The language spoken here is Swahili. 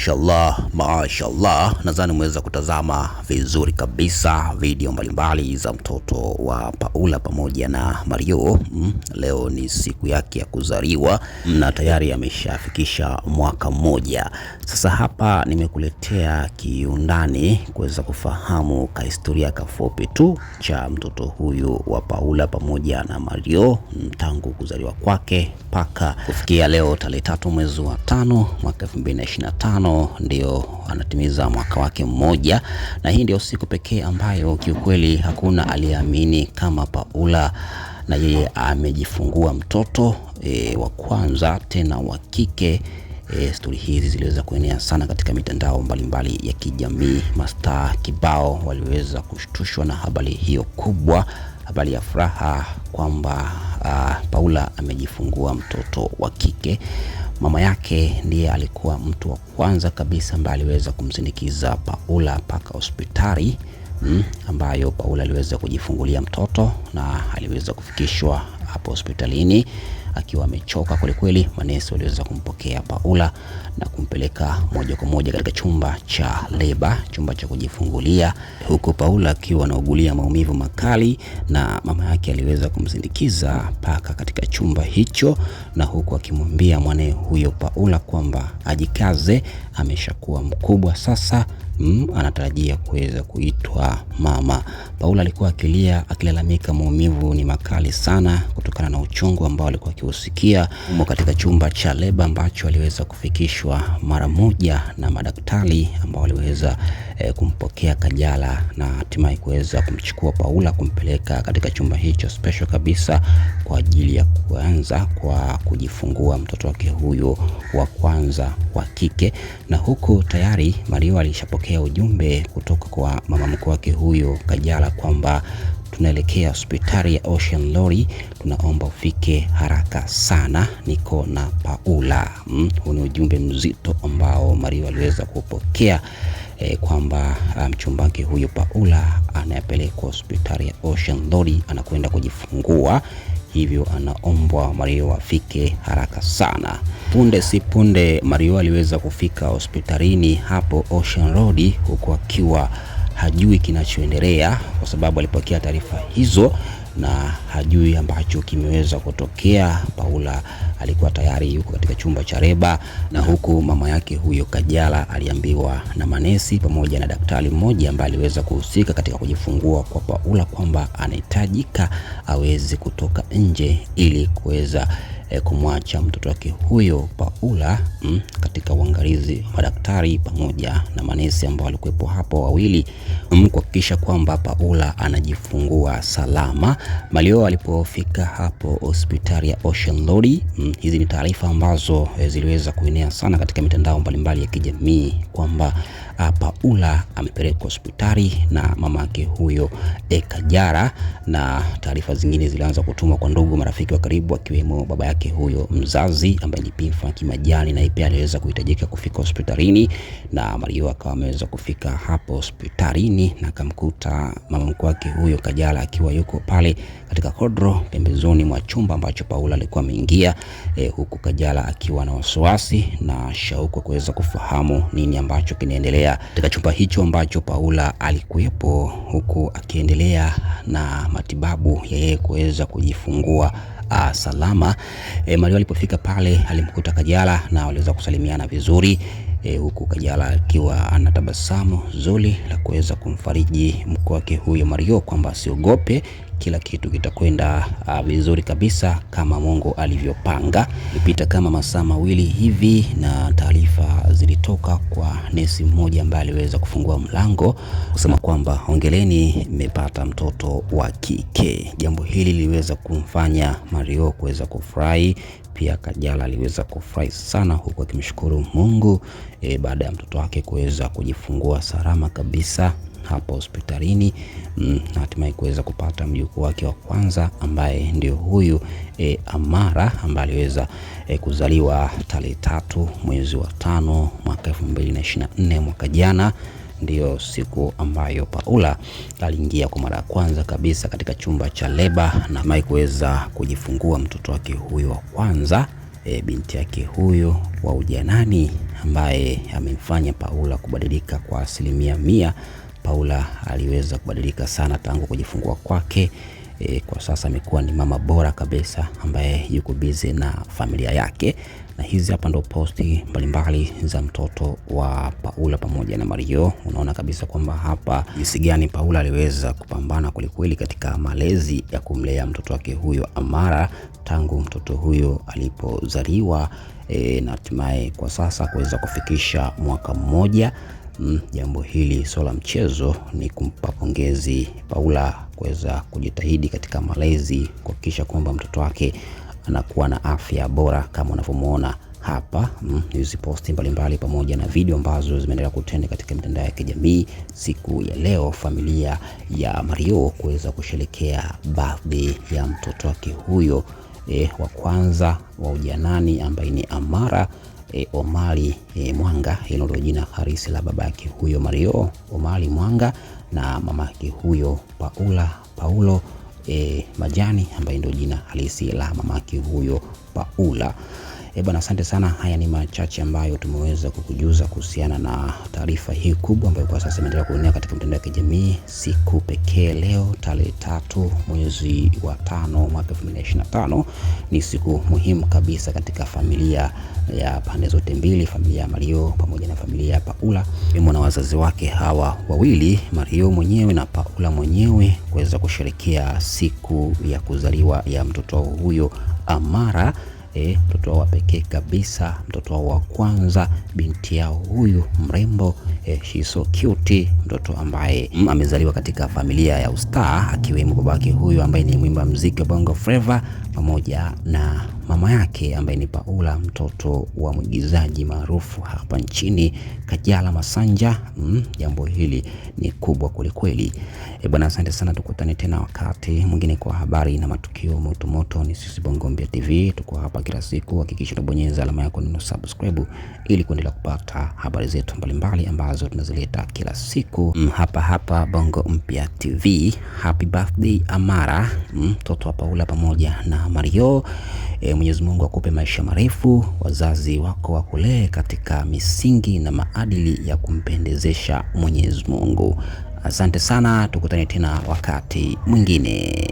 Mashallah, mashallah, nadhani umeweza kutazama vizuri kabisa video mbalimbali za mtoto wa Paula pamoja na Mario mm. Leo ni siku yake ya kuzaliwa na tayari ameshafikisha mwaka mmoja. Sasa hapa nimekuletea kiundani kuweza kufahamu ka historia kafupi tu cha mtoto huyu wa Paula pamoja na Mario mm, tangu kuzaliwa kwake mpaka kufikia leo tarehe tatu mwezi wa tano mwaka 2025 tano ndio anatimiza mwaka wake mmoja, na hii ndio siku pekee ambayo kiukweli hakuna aliyeamini kama Paula na yeye amejifungua mtoto e, wa kwanza tena wa kike. E, stori hizi ziliweza kuenea sana katika mitandao mbalimbali mbali ya kijamii. Mastaa kibao waliweza kushtushwa na habari hiyo kubwa, habari ya furaha kwamba Paula amejifungua mtoto wa kike. Mama yake ndiye alikuwa mtu wa kwanza kabisa ambaye aliweza kumsindikiza Paula mpaka hospitali mm, ambayo Paula aliweza kujifungulia mtoto na aliweza kufikishwa hapo hospitalini akiwa amechoka kwelikweli. Manesi waliweza kumpokea Paula na kumpeleka moja kwa moja katika chumba cha leba, chumba cha kujifungulia, huku Paula akiwa anaugulia maumivu makali na mama yake aliweza kumsindikiza mpaka katika chumba hicho, na huku akimwambia mwanae huyo Paula kwamba ajikaze, ameshakuwa mkubwa sasa. Mm, anatarajia kuweza kuitwa mama. Paula alikuwa akilia akilalamika, maumivu ni makali sana kutokana na uchungu ambao alikuwa akiusikia umo katika chumba cha leba ambacho aliweza kufikishwa mara moja na madaktari ambao waliweza e, kumpokea Kajala na hatimaye kuweza kumchukua Paula kumpeleka katika chumba hicho special kabisa kwa ajili ya kuanza kwa kujifungua mtoto wake huyo wa kwanza wa kike, na huku tayari mario alishapokea ujumbe kutoka kwa mama mkwe wake huyo Kajala kwamba tunaelekea hospitali ya Ocean Lori. Tunaomba ufike haraka sana, niko na Paula. Mm, huu ni ujumbe mzito ambao Mario aliweza kupokea e, kwamba ah, mchumba wake huyu Paula anayepelekwa hospitali ya Ocean Lori anakwenda kujifungua, hivyo anaombwa Mario afike haraka sana. Punde si punde Mario aliweza kufika hospitalini hapo Ocean Road huku akiwa hajui kinachoendelea, kwa sababu alipokea taarifa hizo na hajui ambacho kimeweza kutokea Paula alikuwa tayari yuko katika chumba cha reba, na huku mama yake huyo Kajala aliambiwa na manesi pamoja na daktari mmoja ambaye aliweza kuhusika katika kujifungua kwa Paula kwamba anahitajika aweze kutoka nje ili kuweza E, kumwacha mtoto wake huyo Paula mm, katika uangalizi wa daktari pamoja na manesi ambao walikuwepo hapo wawili mm, kuhakikisha kwamba Paula anajifungua salama. Malio alipofika hapo hospitali ya Ocean Lodi mm, hizi ni taarifa ambazo eh, ziliweza kuenea sana katika mitandao mbalimbali ya kijamii kwamba Ah, Paula amepelekwa hospitali na mamake huyo Ekajara, na taarifa zingine zilianza kutumwa kwa ndugu, marafiki wa karibu, akiwemo baba yake huyo mzazi ambaye ni Pifa Kimajani, na pia aliweza kuhitajika kufika hospitalini, na Mario akawa ameweza kufika hapo hospitalini na akamkuta mama mkwe wake huyo Kajara akiwa yuko pale katika kodro pembezoni mwa chumba ambacho Paula alikuwa ameingia, e, huku Kajara akiwa na wasiwasi na shauku kuweza kufahamu nini ambacho kinaendelea kuendelea katika chumba hicho ambacho Paula alikuwepo huku akiendelea na matibabu ya yeye kuweza kujifungua Uh, salama e, eh, Mario alipofika pale alimkuta Kajala na waliweza kusalimiana vizuri e, huku Kajala akiwa ana tabasamu zuri la kuweza kumfariji mke wake huyo Mario kwamba asiogope, kila kitu kitakwenda uh, vizuri kabisa kama Mungu alivyopanga. Ilipita kama masaa mawili hivi na taarifa zilitoka kwa nesi mmoja ambaye aliweza kufungua mlango kusema kwamba ongeleni mmepata mtoto wa kike. Jambo hili liliweza kumfanya Mario kuweza kufurahi pia Kajala aliweza kufurahi sana huku akimshukuru Mungu e, baada ya mtoto wake kuweza kujifungua salama kabisa hapa hospitalini mm, hatimaye kuweza kupata mjukuu wake wa kwanza ambaye ndio huyu e, Amara ambaye aliweza e, kuzaliwa tarehe tatu mwezi wa tano mwaka 2024 mwaka jana ndiyo siku ambayo Paula aliingia kwa mara ya kwanza kabisa katika chumba cha leba na mai kuweza kujifungua mtoto wake huyo wa kwanza e, binti yake huyo wa ujanani ambaye amemfanya Paula kubadilika kwa asilimia mia Paula aliweza kubadilika sana tangu kujifungua kwake. E, kwa sasa amekuwa ni mama bora kabisa ambaye yuko bize na familia yake, na hizi hapa ndo posti mbalimbali za mtoto wa Paula pamoja na Mario. Unaona kabisa kwamba hapa jinsi gani Paula aliweza kupambana kwelikweli katika malezi ya kumlea mtoto wake huyo Amara tangu mtoto huyo alipozaliwa, e, na hatimaye kwa sasa kuweza kufikisha mwaka mmoja. Mm, jambo hili la mchezo ni kumpa pongezi Paula kuweza kujitahidi katika malezi kuhakikisha kwamba mtoto wake anakuwa na afya bora kama unavyomwona hapa mm, posti mbalimbali pamoja na video ambazo zimeendelea kutenda katika mitandao ya kijamii siku ya leo, familia ya Mario kuweza kusherekea birthday ya mtoto wake huyo eh, wa kwanza wa ujanani ambaye ni Amara e, Omari e, Mwanga. Hilo ndio jina harisi la babake huyo Mario Omari Mwanga na mamake huyo Paula Paulo e, Majani ambaye ndio jina halisi la mamake huyo Paula. E bwana, asante sana. Haya ni machache ambayo tumeweza kukujuza kuhusiana na taarifa hii kubwa ambayo kwa sasa imeendelea kuenea katika mitandao ya kijamii siku pekee. Leo tarehe tatu mwezi wa tano mwaka 2025 ni siku muhimu kabisa katika familia ya pande zote mbili, familia ya Mario pamoja na familia ya Paula imo na wazazi wake hawa wawili, Mario mwenyewe na Paula mwenyewe kuweza kusherekea siku ya kuzaliwa ya mtoto huyo Amara eh, mtoto wao wa pekee kabisa, mtoto wao wa kwanza, binti yao huyu mrembo eh, she so cute, mtoto ambaye amezaliwa katika familia ya ustaa, akiwemo babake huyu ambaye ni mwimba mziki wa Bongo Flava pamoja na mama yake ambaye ni Paula, mtoto wa mwigizaji maarufu hapa nchini Kajala Masanja. Mm, jambo hili ni kubwa kwelikweli. E bwana, asante sana, tukutane tena wakati mwingine kwa habari na matukio moto moto. Ni sisi Bongo Mpya TV, tuko hapa kila siku. Hakikisha unabonyeza alama yako neno subscribe ili kuendelea kupata habari zetu mbalimbali ambazo tunazileta kila siku mm, hapa hapa Bongo Mpya TV. Happy birthday Amara, mm, mtoto mm, wa Paula pamoja na mario E, Mwenyezi Mungu akupe maisha marefu, wazazi wako wakulee katika misingi na maadili ya kumpendezesha Mwenyezi Mungu. Asante sana, tukutane tena wakati mwingine.